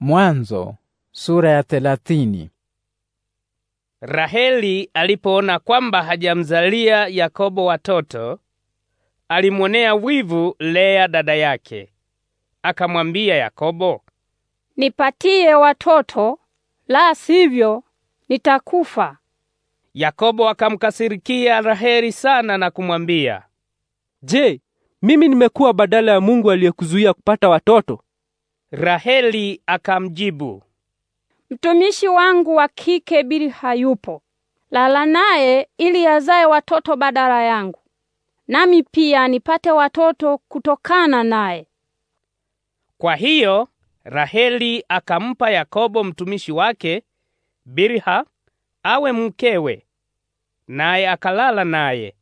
Mwanzo sura ya thelathini. Raheli alipoona kwamba hajamzalia Yakobo watoto, alimwonea wivu Lea dada yake. Akamwambia Yakobo, nipatie watoto, la sivyo nitakufa. Yakobo akamkasirikia Raheli sana na kumwambia, Je, mimi nimekuwa badala ya Mungu aliyekuzuia kupata watoto? Raheli akamjibu, mtumishi wangu wa kike Bili hayupo, lala naye ili azae watoto badala yangu, nami pia nipate watoto kutokana naye. Kwa hiyo Raheli akampa Yakobo mtumishi wake Bilha awe mkewe, naye akalala naye.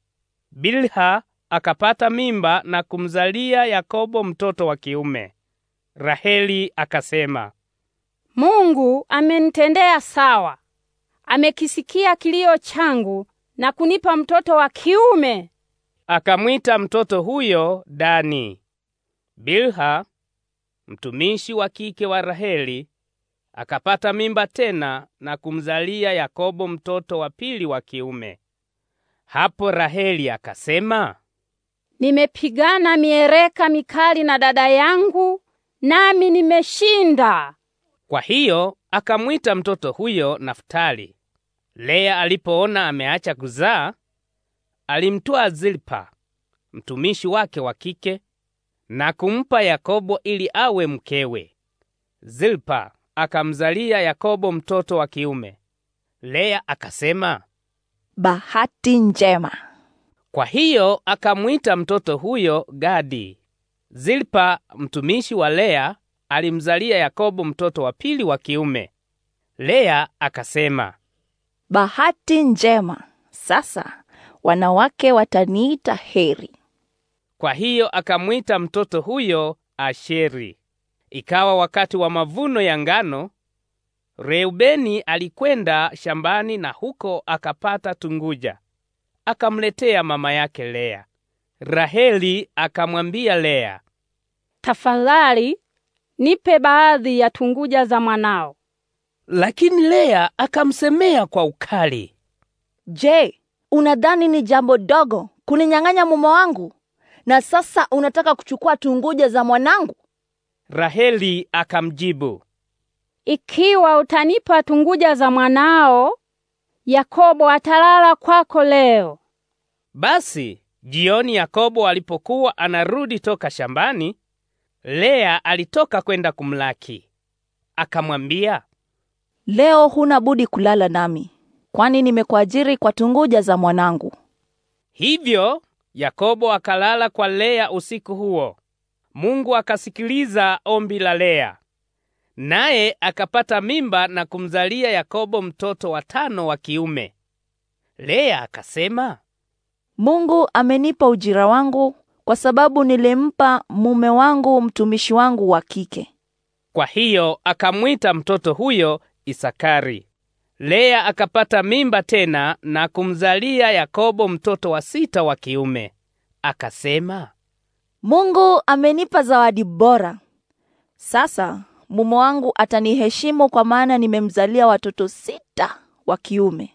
Bilha akapata mimba na kumzalia Yakobo mtoto wa kiume. Raheli akasema, Mungu amenitendea sawa. Amekisikia kilio changu na kunipa mtoto wa kiume. Akamwita mtoto huyo Dani. Bilha mtumishi wa kike wa Raheli akapata mimba tena na kumzalia Yakobo mtoto wa pili wa kiume. Hapo Raheli akasema, nimepigana miereka mikali na dada yangu nami nimeshinda. Kwa hiyo akamwita mtoto huyo Naftali. Lea alipoona ameacha kuzaa, alimtoa Zilpa mtumishi wake wa kike na kumpa Yakobo ili awe mkewe. Zilpa akamzalia Yakobo mtoto wa kiume. Lea akasema, bahati njema. Kwa hiyo akamwita mtoto huyo Gadi. Zilpa mtumishi wa Lea alimzalia Yakobo mtoto wa pili wa kiume. Lea akasema, bahati njema, sasa wanawake wataniita heri. Kwa hiyo akamwita mtoto huyo Asheri. Ikawa wakati wa mavuno ya ngano, Reubeni alikwenda shambani na huko akapata tunguja, akamletea mama yake Lea. Raheli akamwambia Lea, tafadhali nipe baadhi ya tunguja za mwanao. Lakini Lea akamsemea kwa ukali, Je, unadhani ni jambo dogo kuninyang'anya mume wangu na sasa unataka kuchukua tunguja za mwanangu? Raheli akamjibu, ikiwa utanipa tunguja za mwanao, Yakobo atalala kwako leo. Basi jioni Yakobo alipokuwa anarudi toka shambani, Lea alitoka kwenda kumlaki. Akamwambia, leo huna budi kulala nami, kwani nimekuajiri kwa tunguja za mwanangu. Hivyo Yakobo akalala kwa Lea usiku huo. Mungu akasikiliza ombi la Lea, naye akapata mimba na kumzalia Yakobo mtoto wa tano wa kiume. Lea akasema, Mungu amenipa ujira wangu kwa sababu nilimpa mume wangu mtumishi wangu wa kike. Kwa hiyo akamwita mtoto huyo Isakari. Lea akapata mimba tena na kumzalia Yakobo mtoto wa sita wa kiume. Akasema, Mungu amenipa zawadi bora. Sasa mume wangu ataniheshimu kwa maana nimemzalia watoto sita wa kiume.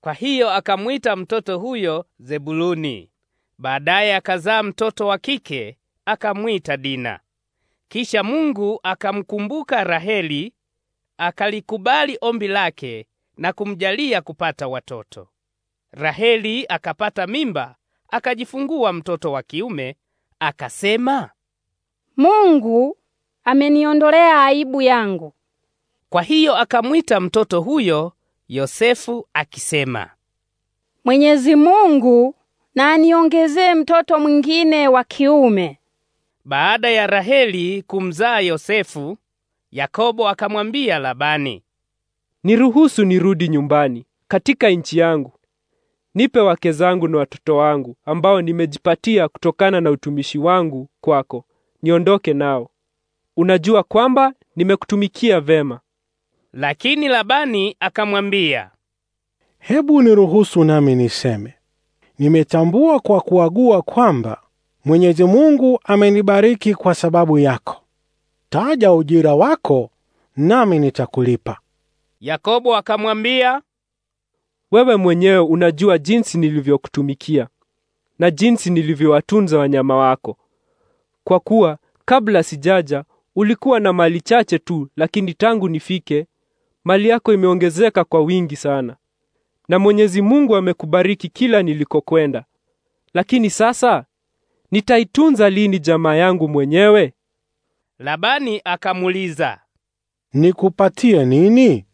Kwa hiyo akamwita mtoto huyo Zebuluni. Baadaye akazaa mtoto wa kike akamwita Dina. Kisha Mungu akamkumbuka Raheli, akalikubali ombi lake na kumjalia kupata watoto. Raheli akapata mimba, akajifungua mtoto wa kiume, akasema, Mungu ameniondolea aibu yangu. Kwa hiyo akamwita mtoto huyo Yosefu akisema, Mwenyezi Mungu na aniongezee mtoto mwingine wa kiume. Baada ya Raheli kumzaa Yosefu, Yakobo akamwambia Labani, niruhusu nirudi nyumbani katika nchi yangu, nipe wake zangu na watoto wangu ambao nimejipatia kutokana na utumishi wangu kwako, niondoke nao. Unajua kwamba nimekutumikia vema. Lakini Labani akamwambia, hebu niruhusu nami niseme nimetambua kwa kuagua kwamba Mwenyezi Mungu amenibariki kwa sababu yako. Taja ujira wako nami nitakulipa. Yakobo akamwambia, wewe mwenyewe unajua jinsi nilivyokutumikia na jinsi nilivyowatunza wanyama wako. Kwa kuwa kabla sijaja ulikuwa na mali chache tu, lakini tangu nifike mali yako imeongezeka kwa wingi sana na Mwenyezi Mungu amekubariki kila nilikokwenda. Lakini sasa nitaitunza lini jamaa yangu mwenyewe? Labani akamuliza, nikupatie nini?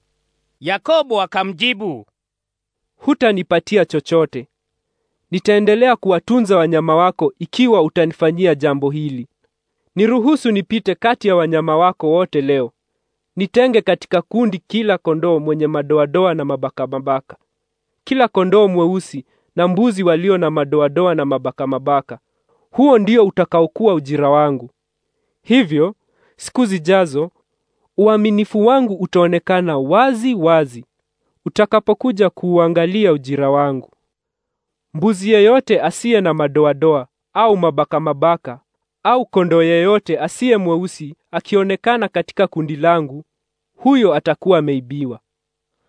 Yakobo akamjibu, hutanipatia chochote. Nitaendelea kuwatunza wanyama wako ikiwa utanifanyia jambo hili. Niruhusu nipite kati ya wanyama wako wote leo. Nitenge katika kundi kila kondoo mwenye madoadoa na mabaka mabaka kila kondoo mweusi na mbuzi walio na madoadoa na mabaka mabaka. Huo ndio utakaokuwa ujira wangu. Hivyo siku zijazo uaminifu wangu utaonekana wazi wazi utakapokuja kuuangalia ujira wangu. Mbuzi yeyote asiye na madoadoa au mabaka mabaka au kondoo yeyote asiye mweusi akionekana katika kundi langu, huyo atakuwa ameibiwa.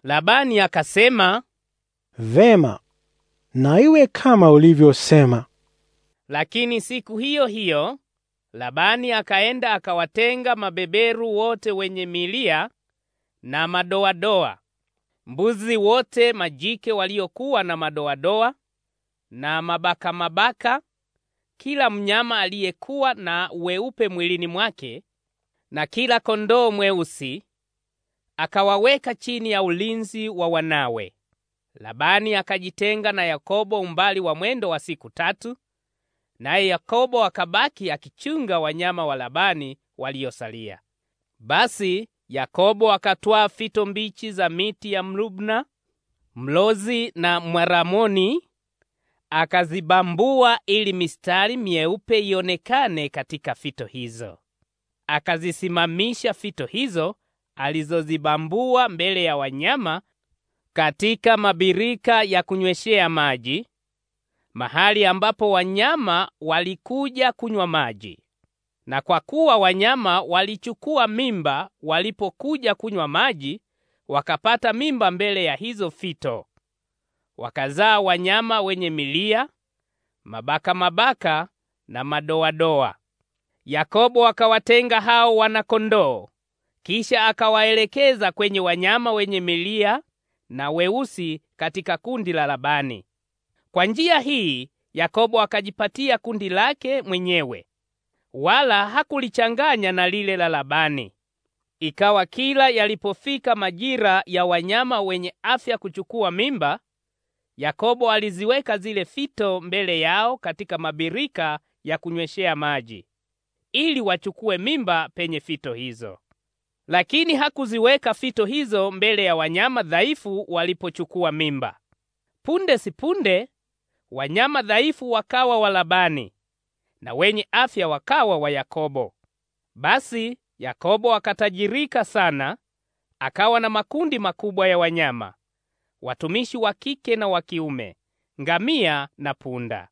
Labani akasema, Vema, na iwe kama ulivyosema. Lakini siku hiyo hiyo Labani akaenda akawatenga mabeberu wote wenye milia na madoadoa, mbuzi wote majike waliokuwa na madoadoa na mabaka mabaka, kila mnyama aliyekuwa na weupe mwilini mwake na kila kondoo mweusi, akawaweka chini ya ulinzi wa wanawe. Labani akajitenga na Yakobo umbali wa mwendo wa siku tatu, naye Yakobo akabaki akichunga wanyama wa Labani waliosalia. Basi Yakobo akatwaa fito mbichi za miti ya mlubna, mlozi na mwaramoni, akazibambua ili mistari mieupe ionekane katika fito hizo. Akazisimamisha fito hizo alizozibambua mbele ya wanyama katika mabirika ya kunyweshea maji, mahali ambapo wanyama walikuja kunywa maji. Na kwa kuwa wanyama walichukua mimba walipokuja kunywa maji, wakapata mimba mbele ya hizo fito, wakazaa wanyama wenye milia, mabaka mabaka na madoadoa. Yakobo akawatenga hao wanakondoo kisha akawaelekeza kwenye wanyama wenye milia na weusi katika kundi la Labani. Kwa njia hii Yakobo akajipatia kundi lake mwenyewe, wala hakulichanganya na lile la Labani. Ikawa kila yalipofika majira ya wanyama wenye afya kuchukua mimba, Yakobo aliziweka zile fito mbele yao katika mabirika ya kunyweshea maji, ili wachukue mimba penye fito hizo lakini hakuziweka fito hizo mbele ya wanyama dhaifu walipochukua mimba. Punde sipunde wanyama dhaifu wakawa wa Labani na wenye afya wakawa wa Yakobo. Basi Yakobo akatajirika sana, akawa na makundi makubwa ya wanyama, watumishi wa kike na wa kiume, ngamia na punda.